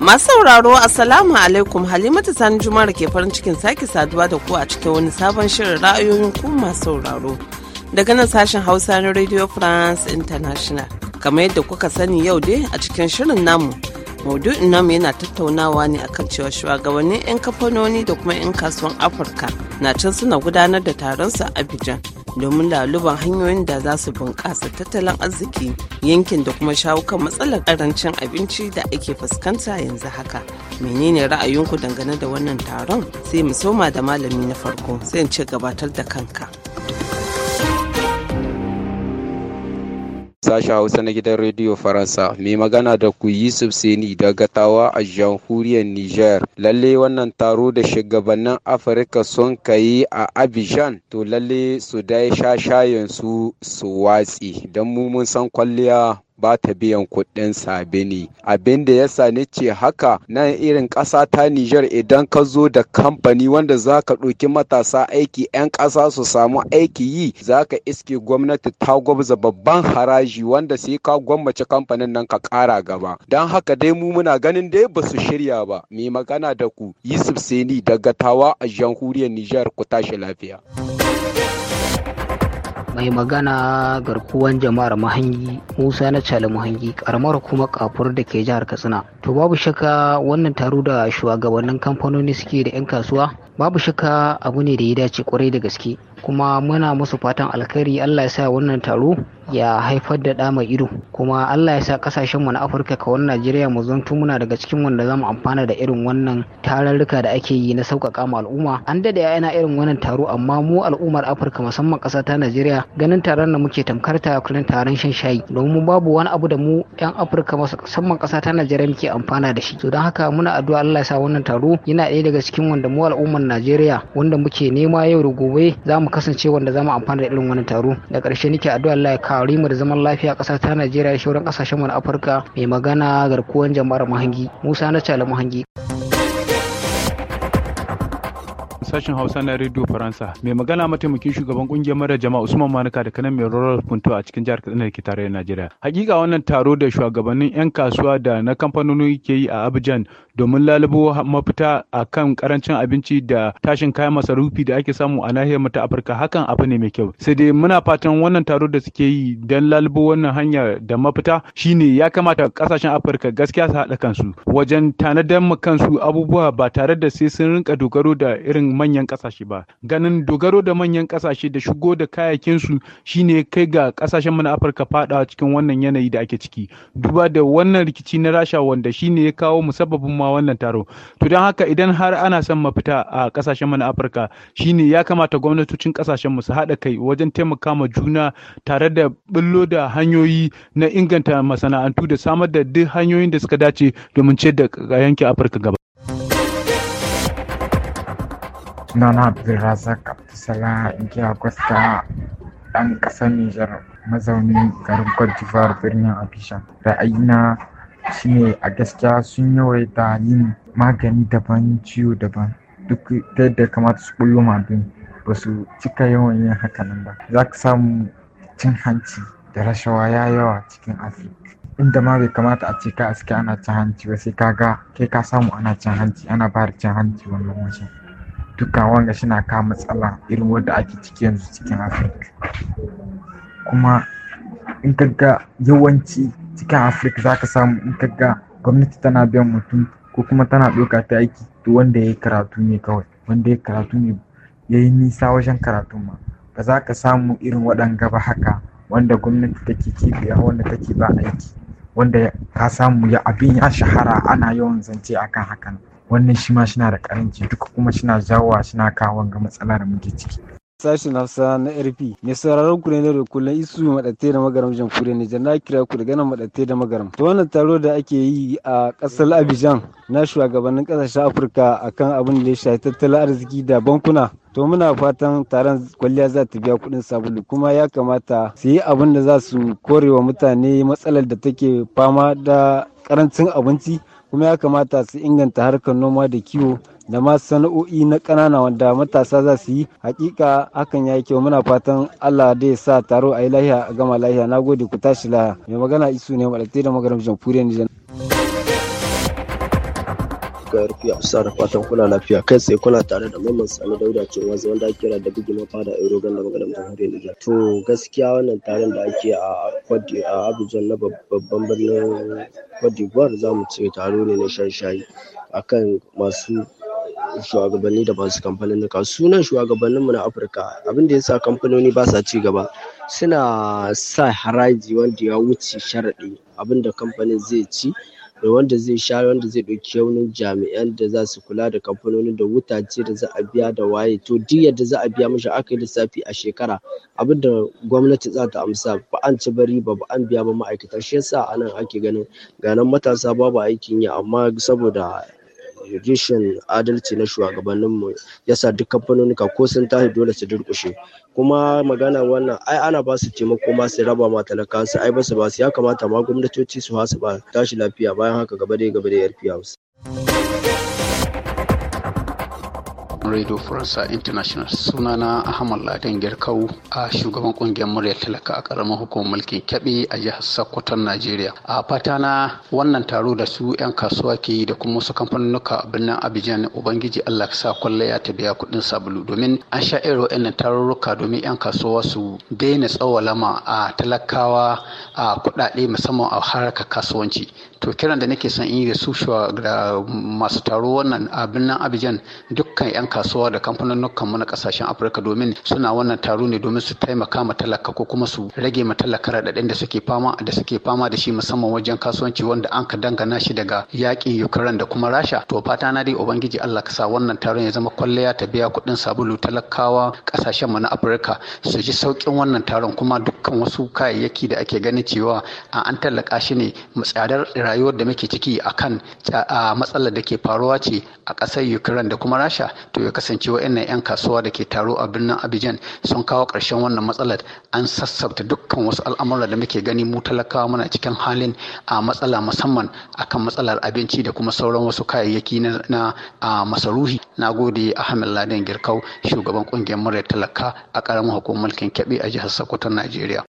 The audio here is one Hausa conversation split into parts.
Masu sauraro Assalamu alaikum Halimatu Sani Jumar ke farin cikin sake saduwa da ku a cikin wani sabon shirin ra'ayoyin ku masu sauraro. Daga nan sashen Hausa na Radio France International. Kamar yadda kuka sani yau dai a cikin shirin namu. Maudu'in namu yana tattaunawa ne akan cewa shugabannin 'yan kamfanoni da kuma 'yan kasuwan Afirka na can suna gudanar da taron su Abidjan. domin laluban hanyoyin da za su bunƙasa tattalin arziki yankin da kuma shawo kan matsalar ƙarancin abinci da ake fuskanta yanzu haka menene ra'ayinku dangane da wannan taron sai mu soma da malami na farko sai in ce gabatar da kanka sashen Hausa na gidan Rediyo Faransa. Mai magana da ku Yusuf Seni daga Tawa a jamhuriyar Nijar. Lalle wannan taro da shugabannin Afirka sun kai a Abidjan to lalle su dai shashayen su su watsi don mu mun san kwalliya ba ta biyan kuɗin sabini abin da ya sani ce haka nan irin ƙasa ta Nijar idan ka zo da kamfani wanda za ka ɗauki matasa aiki 'yan ƙasa su samu aiki yi za ka iske gwamnati ta gwabza babban haraji wanda sai ka gwammace kamfanin nan ka ƙara gaba don haka dai mu muna ganin dai ba su shirya ba mai magana da ku Yusuf Seni daga Tawa a jamhuriyar Nijar ku tashi lafiya. mai magana garkuwan jama'ar mahangi musa na cali mahangi karamar kuma kafur da ke jihar katsina to babu shaka wannan taro da shugabannin kamfanoni suke da 'yan kasuwa babu shaka abu ne da ya dace kwarai da gaske kuma muna musu fatan alkhairi Allah ya sa wannan taro ya haifar da ɗa mai ido kuma Allah ya sa kasashenmu na Afirka kawar Najeriya mu zantu muna daga cikin wanda zamu amfana da irin wannan tararruka da ake yi na sauƙaƙa ma al'umma an dade ina irin wannan taro amma mu al'ummar Afirka musamman ƙasa ta Najeriya ganin taron da muke tamkar ta kullun taron shan shayi domin babu wani abu da mu yan Afirka musamman ƙasa ta Najeriya muke amfana da shi to don haka muna addu'a Allah ya sa wannan taro yana ɗaya daga cikin wanda mu al'ummar Najeriya wanda muke nema yau da gobe zamu kasance wanda za mu amfana da irin wani taro da ƙarshe nake addu'a Allah ya kare mu da zaman lafiya ƙasar ta Najeriya da sauran ƙasashen mu na Afirka mai magana garkuwan jama'ar Muhangi Musa na Chalamu Muhangi. sashen Hausa na Radio Faransa. Mai magana mataimakin shugaban kungiyar mara jama'a Usman Manuka da kanan mai Rural Punto a cikin jihar Kaduna da ke tare da Najeriya. Hakika wannan taro da shugabannin 'yan kasuwa da na kamfanoni ke yi a Abidjan domin lalubo mafita a kan karancin abinci da tashin kayan masarufi da ake samu a nahiyar mu ta Afirka hakan abu ne mai kyau. Sai dai muna fatan wannan taro da suke yi don lalubo wannan hanya da mafita shine ya kamata kasashen Afirka gaskiya su haɗa kansu wajen tanadar mu kansu abubuwa ba tare da sai sun rinka dogaro da irin manyan kasashe ba ganin dogaro da manyan kasashe da shigo da kayayyakin su shine kai ga kasashen mu na Afirka fada cikin wannan yanayi da ake ciki duba da wannan rikici na Rasha wanda shine ya kawo musabbabin ma wannan taro to don haka idan har ana son mafita a kasashen mana Afirka shine ya kamata gwamnatocin kasashen mu su haɗa kai wajen taimaka ma juna tare da billo da hanyoyi na inganta masana'antu da samar da duk hanyoyin da suka dace domin ciyar da yankin Afirka gaba sunana abdulrazak abdulsalam inkiya gwaska ɗan ƙasar nijar mazaunin garin cote d'ivoire birnin abidjan ra'ayina shine a gaskiya sun yawaita yin magani daban ciwo daban duk ta yadda kamata su ɓullo abin ba su cika yawan yin hakanan ba za ka samu cin hanci da rashawa ya yawa cikin afirka inda ma bai kamata a ce ka aske ana cin hanci ba sai ka ga kai ka samu ana cin hanci ana ba da cin hanci wannan wajen cututtuka wanda suna kawo matsala irin wadda ake ciki yanzu cikin afirka kuma in kaga yawanci cikin afirka za ka samu in kaga gwamnati tana biyan mutum ko kuma tana ɗauka ta aiki to wanda ya yi karatu ne kawai wanda ya karatu ne ya yi nisa wajen karatu ma ba za ka samu irin waɗanga ba haka wanda gwamnati take kibiya wanda take ba aiki wanda ka samu ya abin ya shahara ana yawan zance akan hakan wannan shi ma shina da karanci duka kuma shina jawowa shina kawo ga matsala da muke ciki sashen hausa na rp mai sauraron ku ne na da kullum isu madatte da magaram ne nijar na kira ku daga nan madatte da magaram to wannan taro da ake yi a kasar abidjan na shugabannin kasashen afirka akan abin da ya shafi tattalin arziki da bankuna to muna fatan taron kwalliya za ta biya kuɗin sabulu kuma ya kamata su yi abin da za su kore wa mutane matsalar da take fama da karancin abinci kuma ya kamata su inganta harkar noma da kiwo da ma sana'o'i na ƙanana wanda matasa za su yi hakika hakan ya yi kyau muna fatan allah da ya sa taro a yi lahiya a gama lahiya na gode ku tashi lahiya mai magana isu ne maɗaɗe da magaram jamhuriyar nijar ga rufi a da fatan kuna lafiya kai sai kuna tare da mamman sani dauda ce wanzu wanda ake kira da bugi mafa da gan da magadan jamhuriyar nijar to gaskiya wannan taron da ake a kwadi a abujan na babban birnin kwadi buwar za mu ce taro ne na shanshayi akan masu shugabanni da masu kamfanin nuka. sunan shugabanninmu na afirka abin da ya sa kamfanoni ba sa ci gaba suna sa haraji wanda ya wuce sharaɗi abinda kamfanin zai ci da wanda zai share wanda zai ɗauki yaunin jami'an da za su kula da kamfanoni da wutace da za a biya da waye to duk yadda za a biya mishi aka yi lissafi a shekara abin da gwamnati za ta amsa ba an ci bari ba ba an biya ba ma'aikata shi yasa anan ake ganin ganin matasa babu aikin yi amma saboda rishin adalci na shugabanninmu sa duk kamfanonika ko sun tashi dole su durkushe kuma magana wannan ai ana ba su taimako ma su raba ma talakansu ai ba su ba su ya kamata ma gwamnatoci su hasu ba tashi lafiya bayan haka gaba dai gaba da yarfi radio faransa international sunana ahmad ladan girkau a shugaban kungiyar murya talaka a karamar hukumar mulkin kyaɓe a jihar Sokoto, najeriya a fata na wannan taro da su 'yan kasuwa ke yi da kuma wasu kamfanonuka a birnin abidjan ubangiji allah sa ya ta biya kuɗin sabulu domin an sha irin wa'annan tarurruka domin 'yan kasuwa su daina tsawalama a talakawa a kuɗaɗe musamman a harkar kasuwanci to kiran da nake son in yi da su ga masu taro wannan a nan abijan dukkan 'yan kasuwa da kamfanonukan mu na kasashen afirka domin suna wannan taro ne domin su taimaka ma talaka ko kuma su rage ma talaka raɗaɗin da suke fama da suke fama da shi musamman wajen kasuwanci wanda an ka dangana shi daga yakin ukraine da kuma rasha to fata na dai ubangiji allah ka sa wannan taron ya zama kwalliya ta biya kuɗin sabulu talakawa kasashen mu na afirka su ji sauƙin wannan taron kuma dukkan wasu kayayyaki da ake ganin cewa an tallaka shi ne tsadar rayuwar da muke ciki a kan matsalar da ke faruwa ce a ƙasar Ukraine da kuma Rasha to ya kasance wa'annan 'yan kasuwa da ke taro a birnin Abidjan sun kawo ƙarshen wannan matsalar an sassabta dukkan wasu al'amuran da muke gani mu talakawa muna cikin halin a matsala musamman akan matsalar abinci da kuma sauran wasu kayayyaki na masaruhi na gode Ahmed Laden Girkau shugaban ƙungiyar muryar talaka a ƙaramin hukumar mulkin kebe a jihar Sokoto Najeriya.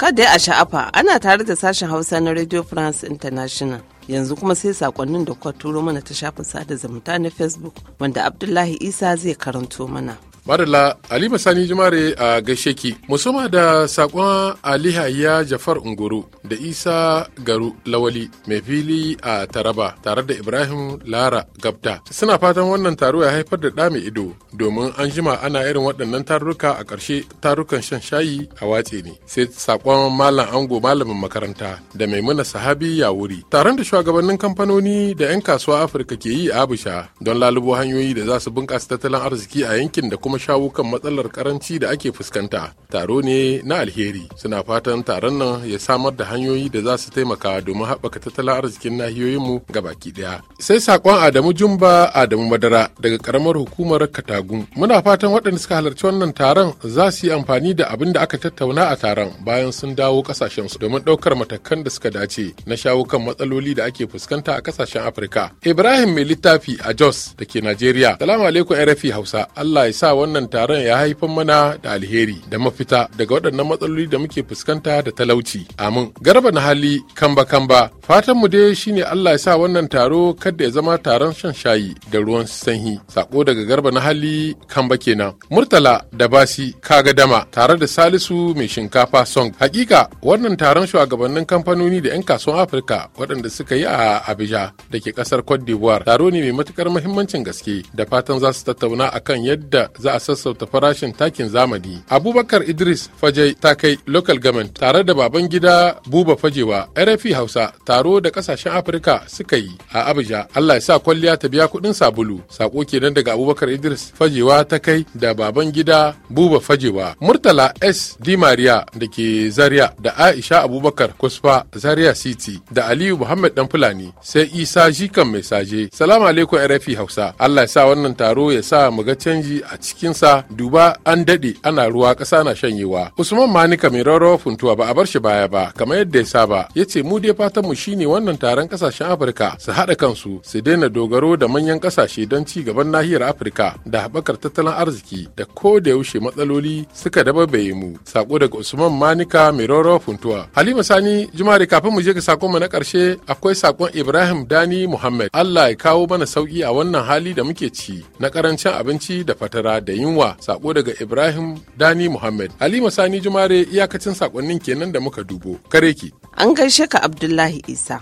Kada a sha'afa ana tare da sashen Hausa na Radio France International. Yanzu kuma sai sakonnin da kuka turo mana ta shafin sada zumunta na Facebook wanda Abdullahi Isa zai karanto mana. Madalla Halima Sani Jumare a gaishe ki musamman da sakon Ali Jafar Unguru da Isa Garu Lawali mai fili a Taraba tare da Ibrahim Lara Gabta. Suna fatan wannan taro ya haifar da dami ido domin an jima ana irin waɗannan taruka a ƙarshe tarukan shan shayi a watse ne. Sai sakon Malam Ango Malamin makaranta da Maimuna Sahabi ya wuri Taron da shugabannin kamfanoni da 'yan kasuwa Afirka ke yi a abuja don lalubo hanyoyi da za su bunƙasa tattalin arziki a yankin da kuma shawo kan matsalar karanci da ake fuskanta taro ne na alheri suna fatan taron nan ya samar da hanyoyi da za su taimaka domin haɓaka tattalin arzikin nahiyoyinmu ga baki ɗaya sai sakon adamu jumba adamu madara daga karamar hukumar katagun muna fatan waɗanda suka halarci wannan taron za su yi amfani da abin da aka tattauna a taron bayan sun dawo ƙasashensu domin ɗaukar matakan da suka dace na shawo kan matsaloli da ake fuskanta a ƙasashen afirka ibrahim mai littafi a jos da ke najeriya salamu alaikum rfi hausa allah ya sa wannan taron ya haifar mana da alheri da mafita daga waɗannan matsaloli da muke fuskanta da talauci amin garba na hali kamba kamba fatan mu dai shine allah ya sa wannan taro kada ya zama taron shan shayi da ruwan sanyi sako daga garba na hali kamba kenan murtala da basi kaga dama tare da salisu mai shinkafa song hakika wannan taron shugabannin kamfanoni da 'yan kasuwan afirka waɗanda suka yi a abuja da ke ƙasar cote d'ivoire taro ne mai matukar muhimmancin gaske da fatan za su tattauna akan yadda za za a sassauta farashin takin zamani. Abubakar Idris Fajai ta kai local government tare da baban gida Buba Fajewa RFI Hausa taro da kasashen Afirka suka yi a Abuja. Allah ya sa kwalliya ta biya kuɗin sabulu. Sako kenan daga Abubakar Idris Fajewa ta kai da baban gida Buba Fajewa. Murtala S. Di Maria da ke Zaria da Aisha Abubakar Kusfa Zaria City da Aliyu Muhammad Dan Fulani sai Isa Jikan Mai Saje. Salamu alaikum RFI Hausa. Allah ya sa wannan taro ya sa mu ga canji a ciki. cikinsa duba an daɗe ana ruwa ƙasa na shanyewa usman manika mai rawarwa funtuwa ba a bar shi baya ba kamar yadda ya saba ya ce mu dai fatan mu shine wannan taron ƙasashen afirka su haɗa kansu su daina dogaro da manyan ƙasashe don ci gaban nahiyar afirka da haɓakar tattalin arziki da ko da yaushe matsaloli suka babaye mu sako daga usman manika mai rawarwa funtuwa halima sani jumare kafin mu je ga sakon mu na ƙarshe akwai sakon ibrahim dani muhammad allah ya kawo mana sauki a wannan hali da muke ci na ƙarancin abinci da fatara da da yunwa sako daga Ibrahim Dani Muhammad. Halima Sani Jumare iyakacin sakonnin kenan da muka dubo. Kare ki. An gaishe ka Abdullahi Isa.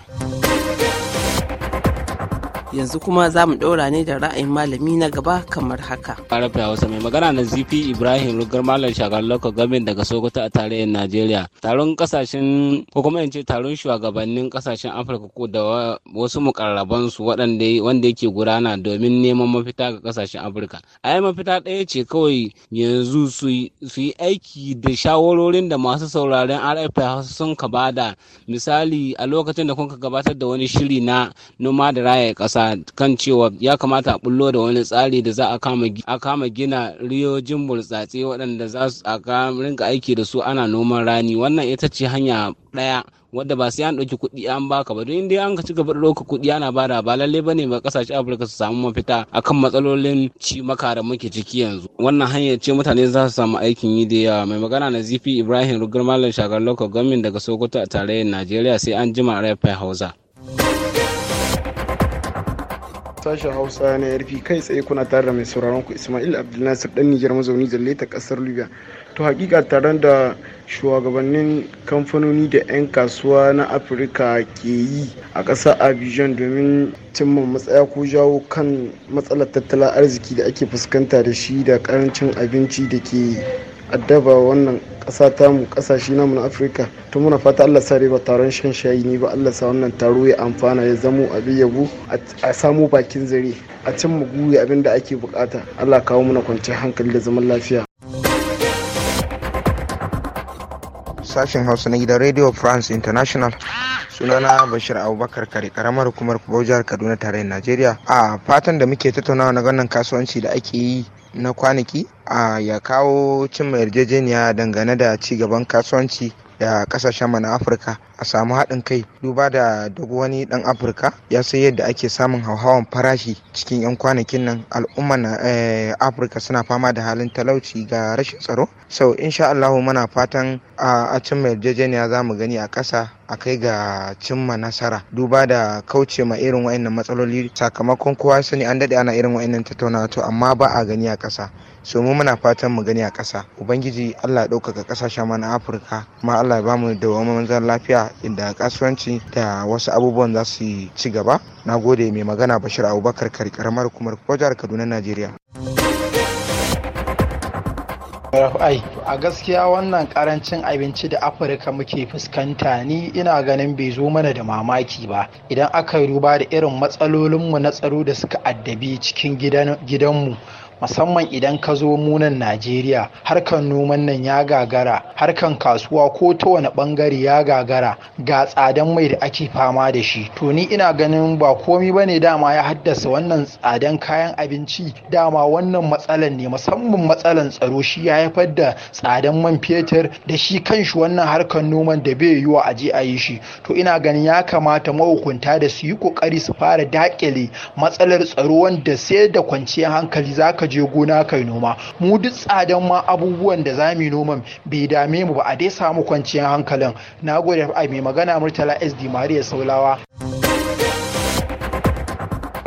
yanzu kuma za mu ɗora ne da ra'ayin malami na gaba kamar haka. Arafi Hausa mai magana na ZP Ibrahim Rugar Malam Shagar Lokal Gamin daga Sokoto a tarayyar Najeriya. Taron kasashen ko kuma in ce taron shugabannin kasashen Afirka ko da wasu mukarraban su waɗanda wanda yake gudana domin neman mafita ga kasashen Afirka. A yi mafita ɗaya ce kawai yanzu su yi aiki da shawarorin da masu sauraren RFI Hausa sun ka bada misali a lokacin da kun ka gabatar da wani shiri na noma da raya ƙasa Akan kan cewa ya kamata a bullo da wani tsari da za a kama gina riyojin burtsatse waɗanda za su a rinka aiki da su ana noman rani wannan ita ce hanya ɗaya wadda ba sai an ɗauki kuɗi an baka ba don dai an ka ci gaba da ɗauka kuɗi ana bada ba lalle bane ba kasashe afirka su samu mafita akan matsalolin ci maka da muke ciki yanzu wannan hanyar ce mutane za su samu aikin yi da yawa mai magana na zifi ibrahim rugar malam shagar local gwamnati daga sokoto a tarayyar najeriya sai an jima rai hausa Sashen Hausa na yarfi kai tsaye kuna tare da mai sauraron ku Ismail Abdulnasir dan Nijar mazauni zalle ta kasar Libya. To hakika tare da shugabannin kamfanoni da 'yan kasuwa na Afirka ke yi a ƙasar Abidjan domin cimma matsaya ko jawo kan matsalar tattalin arziki da ake fuskanta da shi da karancin abinci da ke addaba wannan ƙasa ta mu kasashe na na afirka tun muna fata allah sa ba taron shan shayi ne ba allah sa wannan taro ya amfana ya zamo abin yabo a samu bakin zare a cin guye abin da ake bukata allah kawo muna kwanciyar hankali da zaman lafiya sashen hausa na gidan radio france international sunana bashir abubakar kare karamar hukumar kubar jihar kaduna tarayyar najeriya a fatan da muke tattaunawa na wannan kasuwanci da ake yi na kwanaki a ya kawo cimma yarjejeniya dangane da ci gaban kasuwanci da kasashen na afirka a samu haɗin kai duba da duk wani ɗan afirka ya sai yadda ake samun hauhawan farashi cikin 'yan kwanakin nan al'umman eh, afirka suna fama da halin talauci ga rashin tsaro so insha allahu muna fatan a cimma yarjejeniya za mu gani a ƙasa a kai ga cimma nasara duba da kauce ma irin wa'annan matsaloli sakamakon kowa sani an dade ana irin wa'annan tattaunawa to amma ba a gani a ƙasa so mu muna fatan mu gani a ƙasa ubangiji allah ya ɗaukaka ƙasashen mana afirka ma allah ya bamu da manzan lafiya inda kasuwanci da wasu abubuwan za su ci gaba na gode mai magana bashir abubakar kari karamar hukumar jihar kaduna najeriya rafai a gaskiya wannan karancin abinci da afirka muke fuskanta ni ina ganin bai zo mana da mamaki ba idan aka yi duba da irin matsalolinmu na tsaro da suka addabi cikin gidanmu musamman idan ka zo munan najeriya harkan noman nan ya gagara harkan kasuwa ko ta wani bangare ya gagara ga tsadan mai da ake fama da shi to ni ina ganin ba komi bane dama ya haddasa wannan tsadan kayan abinci dama wannan matsalan ne musamman matsalan tsaro shi ya haifar da tsadan man fetur da shi kanshi wannan harkan noman da bai yiwa a je a yi shi to ina ganin ya kamata mahukunta da su yi kokari su fara dakile matsalar tsaro wanda sai da kwanciyar hankali zaka je gona kai noma mu duk tsadan ma abubuwan da zamu noman bai dame mu ba a dai samu kwanciyar hankalin na gode a mai magana murtala sd mariya saulawa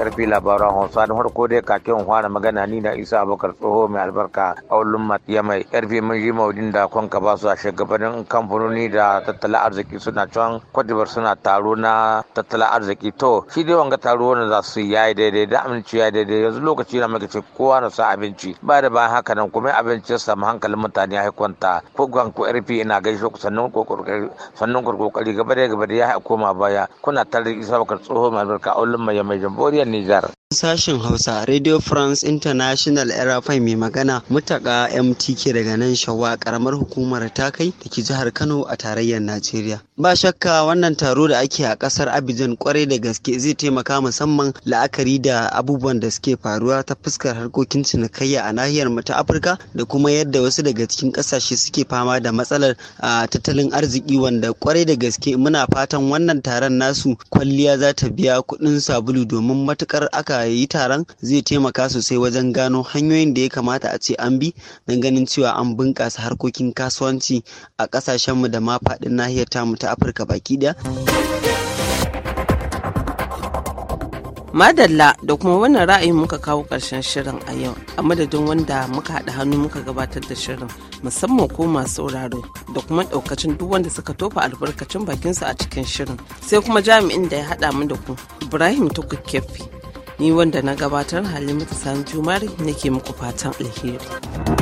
karfi labaran hausa da farko dai kakin fara magana ni na isa abubakar tsoho mai albarka a ulumma ya mai karfi mun yi maudin da kwanka ba su a shugabannin kamfanoni da tattalin arziki suna can kwadibar suna taro na tattalin arziki to shi dai wanga taro wanda za su yayi daidai da aminci yayi daidai yanzu lokaci na muka kowa na sa abinci ba da bayan haka nan kuma abinci ya samu hankalin mutane ya haikwanta ko gwan ko karfi ina gaishe ku sannan ko sannan gaba da gaba da ya koma baya kuna tare isa bakar tsoho mai albarka a ulumma ya mai jamboriya Nizar Sashen Hausa, Radio France International RFI mai magana Mutaka MTK daga nan Shawa karamar hukumar ta kai da ke jihar Kano a tarayyar Najeriya. Ba shakka wannan taro da ake a kasar Abidjan kwarai da gaske zai taimaka musamman la'akari da abubuwan da suke faruwa ta fuskar harkokin cinikayya a nahiyar mu ta Afirka da kuma yadda wasu daga cikin kasashe suke fama da matsalar tattalin arziki wanda kwarai da gaske muna fatan wannan taron nasu kwalliya za ta biya kuɗin sabulu domin matukar aka ya yi taron zai taimaka sosai wajen gano hanyoyin da ya kamata a ce an bi don ganin cewa an bunƙasa harkokin kasuwanci a ƙasashenmu da ma faɗin nahiyar mu ta afirka baki ɗaya. madalla da kuma wannan ra'ayin muka kawo ƙarshen shirin a yau a madadin wanda muka haɗa hannu muka gabatar da shirin musamman ko masu sauraro da kuma ɗaukacin duk wanda suka tofa albarkacin bakinsu a cikin shirin sai kuma jami'in da ya haɗa mu da ku ibrahim tukukefi ni wanda na gabatar ta sani jumari nake muku fatan alheri